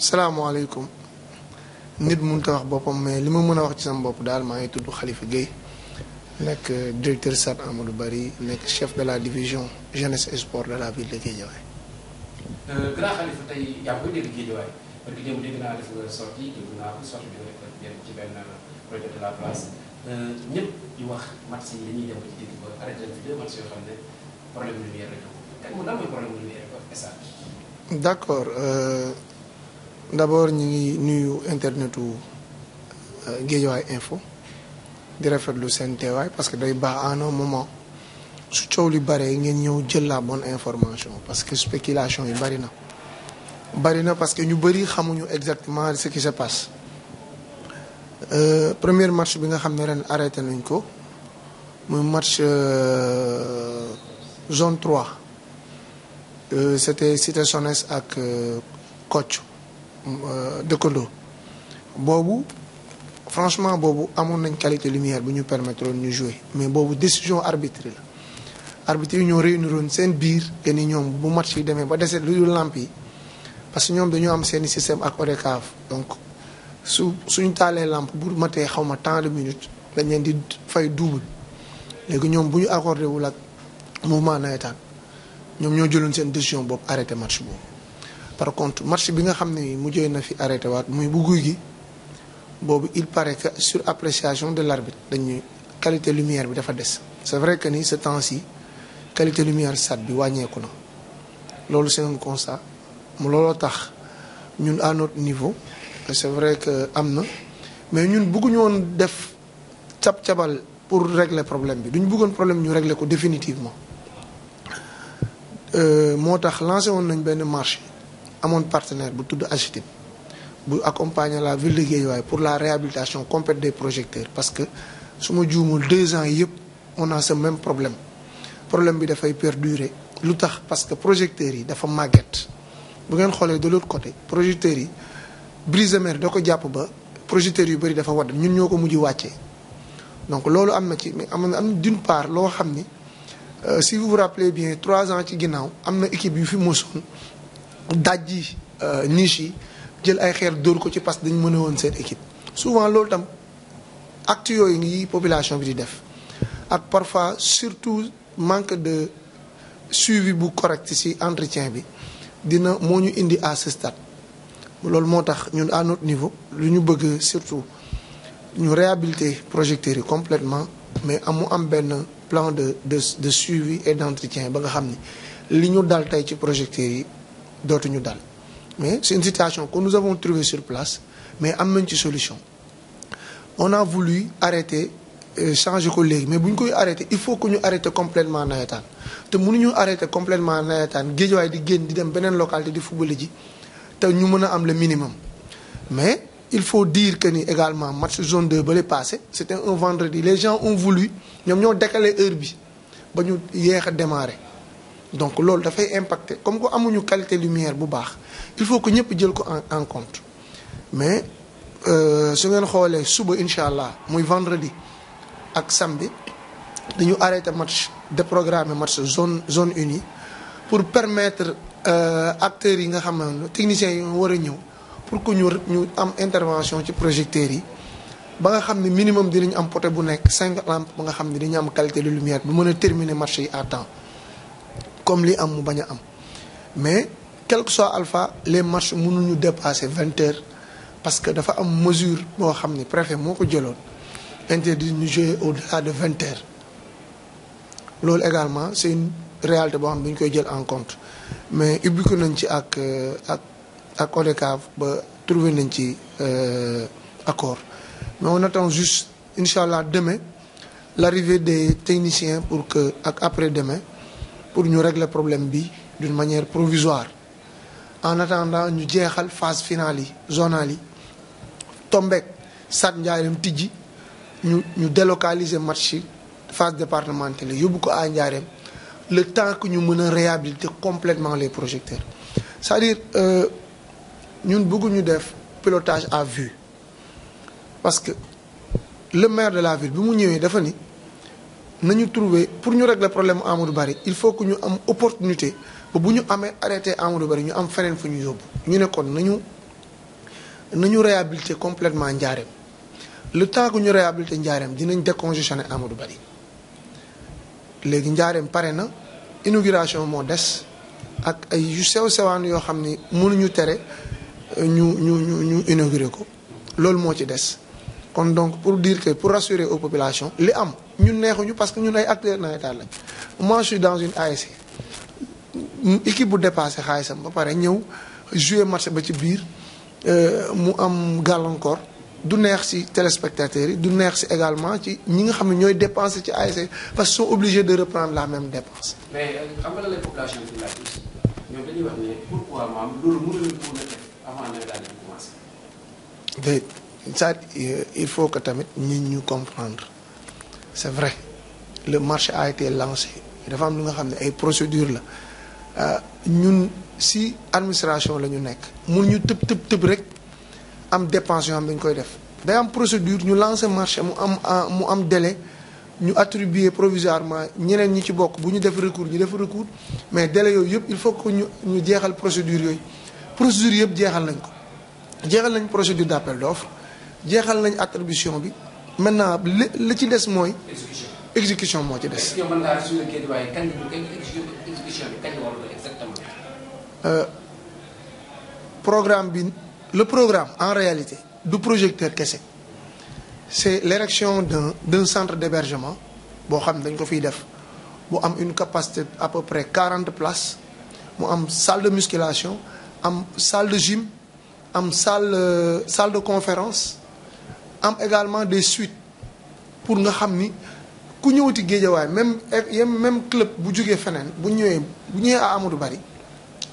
salam salaamaaleykum nit mënut a wax bopam mais li ma mën a wax ci sama bopp daal maa ngi tudd Khalifa Guèye nekk euh, directeur SAD Amadou bari nekk chef de la division jeunesse et sport de la ville de Guédiawaye. Euh, grand Khalifa tey yaa ngi koy dégg Guédiawaye parce que démb dégg naa def sortie dégg naa ko sortie bi nga def ci benn euh, projet de la place ñëpp di wax match yi dañuy dem ci dégg ba arrêté fi deux match yoo xam ne problème lumière la ñu ko lan mooy problème lumière ba stade. Euh d'abord nous, avons Internet, internetu euh, Guédiawaye info di rafetlu seen parce que nous avons un moment su nous avons bëree ngeen ñëw jël la bonne information parce que spéculation est bëri na. parce que nous savons exactement ce qui se passe euh, premier match bi nga avons arrêté nañ ko match euh, zone 3 c'était Cité avec ak Coach. Euh, de Kodo. boobu franchement à mon nañ qualité lumière nous ñu permettre de jouer mais boobu décision arbitre arbitre une ronde c'est seen biir que ni ñoom bu match yi demain. ba de cette dul de parce que ñoom dañoo am seeni système ak ODCAV donc su suñu taalee lampe bu matee xaw ma tant de minutes dañ leen di fay double les ñoom bu ñu accordé wul mouvement Nous avons une décision pour décision le match par contre le marché nga xam ne na fi arrêté il paraît que sur appréciation de l'arbitre dañuy qualité lumière bi dafa c'est vrai que ni ce temps-ci qualité lumière est très importante. c'est un constat mu Nous tax à notre niveau c'est vrai que amna, mais ñun bëgguñu de def cab pour régler problème Nous duñu bëggoon problème ñu régler définitivement Nous euh, avons lancé un marché mon partenaire pour tout acheter pour accompagner la ville de Guédiawaye pour la réhabilitation complète des projecteurs parce que su ma juumul deux ans on a ce même problème problème bi dafay perdurer lu parce que projecteurs yi dafa maguette bu Vous xoolee de l'autre côté projecteur yi brise mer da ko ba projecteurs yu bëri dafa wadd ñun ñoo ko mujj donc lolo, am d'une part euh, si vous vous rappelez bien trois ans ci gênant, am équipe yu fi dajji euh, niche yi jël ay xeer dóor ci parce que dañu mën a seen équipe souvent l'ol tam acte yooyu yi population bi di def ak parfois surtout manque de suivi bu correct ci entretien bi dina moñu indi à ce stade l'ol motax ñun à notre niveau lu ñu bëgg surtout ñu réhabiliter projecteurs complètement mais amu am ben plan de de de suivi et d'entretien ba nga xamni ni li dal tay ci nous dal mais c'est une situation que nous avons trouvée sur place mais y a une solution on a voulu arrêter euh, changer de collègues. mais bu arrêter il faut que nous arrêtions complètement Nayatan. te mënuñu arrêter complètement on géejawaay di génn di dem beneen localité di football ji le minimum mais il faut dire que nous également match zone 2 est passé c'était un vendredi les gens ont voulu nous avons décalé l'heure bi ba démarrer donc a fait impacter comme quoi amuñu qualité lumière il faut que nous puissions en compte mais ce que nous suba incha allah vendredi ak samedi nous arrêter match programmer match zone zone unie pour permettre euh, acteurs aux techniciens pour que nous ñu am intervention ci projecteur. yi ba nga xamni minimum minimum 5 am poté bu lampes ba nga xamni ayons dañu am qualité de lumière bu mëna terminer match yi à temps comme les am mais quel que soit alpha les marches ñu dépasser 20 heures parce que dafa am mesure boo xam préfet moko jëlone interdit jouer au-delà de 20 heures lool également c'est une réalité que xam buñ koy en compte mais nous faut nañ ci ak euh, ak ak trouver nañ euh, accord mais on attend juste inshallah demain l'arrivée des techniciens pour que après demain pour nous régler le problème d'une manière provisoire en attendant nous ñu la phase finale zone zonale Tombek, ça Tidji, nous ñu ñu délocaliser match marché, phase départementale à le temps que nous menons réhabiliter complètement les projecteurs c'est-à-dire nous euh, ñun faire le pilotage à vue parce que le maire de la ville il a fait dafa ni nañu trouver pour ñu régler problème Amadou bari il faut que ñu am opportunité ba bu ñu amee arrêté Amadou Barry ñu am feneen fu ñu yóbbu ñu nekkoon kon nañu nañu réhabilité completement Njaareem le temps que ñu réhabilité Njaareem dinañ décongestionné Amadou bari léegi Njaareem pare na inauguration moo des ak ay yu sew sewaan yoo xam ni mënuñu tere euh, ñu ñu ñu ñu inauguré ko loolu moo ci des kon donc pour dire que pour rassurer aux populations li am ñun neexuñu parce que ñun ay acteurs nawetaan lañ moi je suis dans une ASC équipe bu dépassé xaalisam ba paré ñëw jouer match ba ci biir euh, mu am gàllankoor du neex ci téléspectateurs yi du neex ci également ci ñi nga xam ñoy dépenser ci ASC parce qu'ils sont obligés de reprendre la même dépense. mais xam nga la population bi laaj aussi dañuy wax pourquoi maam loolu mënuñu ko woon def avant de daal di commencé. Euh, il faut que tamit nit ñu comprendre c'est vrai le marché a été lancé dafa am lu nga xam ay procédure la euh, ñun si administration la ñu nekk mun ñu tëb tëb tëb rek am dépense yoo koy def am procédure ñu lancer marché mu am euh, mu am délai ñu attribuer provisoirement ñeneen ñi ci bokk bu ñu def recours ñu def recours mais délai yëpp il faut que ñu ñu jeexal procédure yooyu procédure yëpp jeexal nañ ko jeexal nañ procédure d'appel d'offre a nañ attribution bi maintenant li ci une exécution programme bi le programme en réalité du projecteur que c'est l'érection d'un centre d'hébergement Il xam dañ une capacité à peu près 40 places a une salle de musculation une salle de gym une salle euh, salle de conférence am également des suites pour nga xam ni ku ñëwati géejawaay même même club bu jógee feneen bu bu à Amadou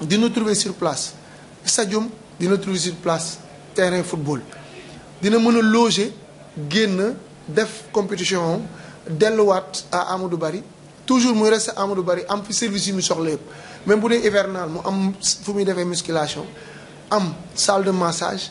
dina trouver sur place stadium dina sur place terrain football dina mën loger def compétition à Amadou Bari. toujours muy à Amadou Bari. am service mu même bu hivernal am fu musculation am salle de massage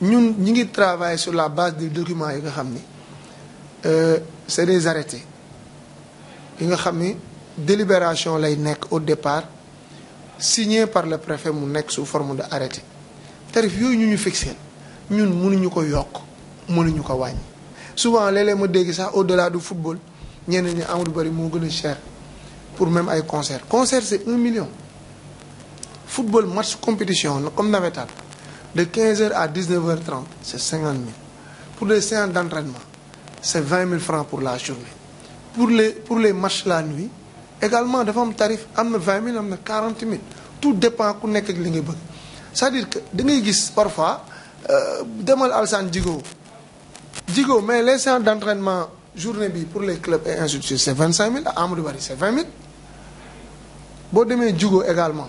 nous travaillons sur la base des documents que nga euh, c'est des arrêtés nous avons une délibération au départ signée par le préfet sous forme de arrêté tarifs yooyu ñu nous fixé ñun mënuñu ko nous mënuñu ko souvent les léeg ma dégg au delà du football nous avons des Bari de cher pour même un concert concert c'est 1 million football match compétition comme d'habitude de 15h à 19h30, c'est 50 000. Pour les séances d'entraînement, c'est 20 000 francs pour la journée. Pour les, pour matchs la nuit, également, devant le tarif, il 20 000, il 40 000. Tout dépend de ce que vous C'est-à-dire que, vous parfois, euh, à Alsan Digo. Digo, mais les séances d'entraînement, journée pour les clubs et instituts, c'est 25 000. À c'est 20 000. Bon, demain, Digo également.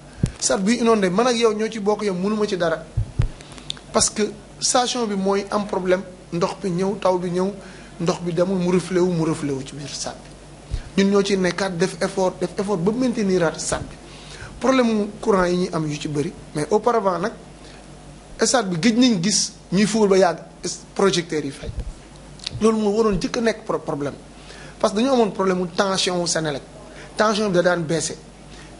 sat buy inondé mën ak yow ñoo ci bokk yow mënuma ci dara parce que station bi mooy am problème ndox bi ñëw taw bi ñëw ndox bi demul mu reflé wu mu reflé wu ci biir sat bi ñun ñoo ci nekkaat def effort def effort ba mainteniraat sat bi problème mu courant yi ñuy am yu ci bëri mais auparavant nag stade bi gëj nañ gis ñuy fóol ba yàgg projecteurs yi fay loolu moo waroon jëkk a nekk problème parce que dañu amoon problème mu tension wu Senelec tension bi da daan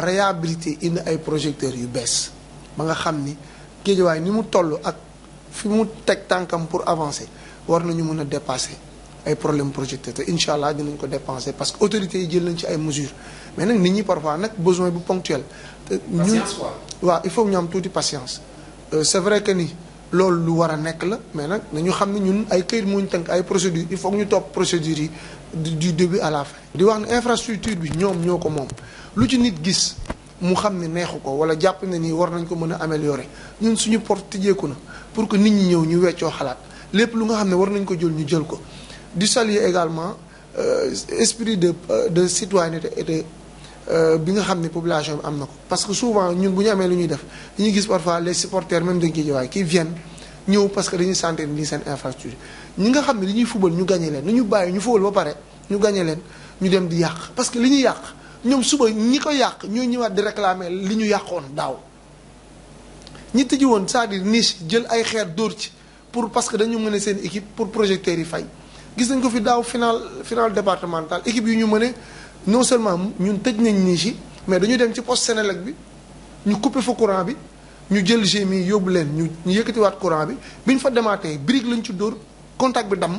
réhabilité indi ay projecteur yu bees ma nga xamni ni ni mu toll ak fi mu tek tankam pour avancer war nañu mën dépasser ay problème projecteur te incha dinañ ko dépenser parce que autorité yi jël nañ ci ay mesures mais nak nit ñi parfois nak besoin bu ponctuel. te ñun wa il faut ñu am tuuti patience. Euh, c'est vrai que ni lool lu wara nek la mais nak nañu xamni ñun ay keur moñ tank ay procédures il faut ñu top procédure yi du début à la fin. di wax infrastructure bi ñom ñoko mom lu ci nit gis mu xam ne neexu ko wala jàpp ne nii war nañ ko mën a améliorer ñun suñu porte tijjeeku na pour que nit ñi ñëw ñu weccoo xalaat lépp lu nga xam ne war nañ ko jël ñu jël ko di saluer également euh, esprit de euh, de citoyenneté et de euh, bi nga xam ne population bi am na ko parce que souvent ñun bu ñu amee lu ñuy def ñu gis parfois les supporters même de Guédiawaye ki viennent ñëw parce que dañuy sentir ni seen infrastructure ñi nga xam ne dañuy fubal ñu gagné leen nu ñu bàyyi ñu fubal ba pare ñu gagné leen ñu dem di yàq parce que li ñuy yàq ñoom suba ñi ko yàq ñoo ñëwaat di réclamer li ñu yàqoon daaw ñi tëji woon saa à dire jël ay xeer dóor ci pour parce que dañu mën seen équipe pour projecteurs yi fay gis nañ ko fi daaw final final départemental équipe yu ñu mën non seulement ñun tëj nañ niche yi mais dañu dem ci poste Sénélec bi ñu couper fa courant bi ñu jël gémi yóbbu leen ñu ñu yëkkatiwaat courant bi bi ñu fa demaatee brique lañ ci dóor contact bi damm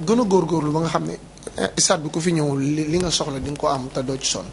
gën a góorgóorlu ba nga xam ne eh, eh, stade bi ku fi ñëw li nga soxla di nga ko am te doo ci sonn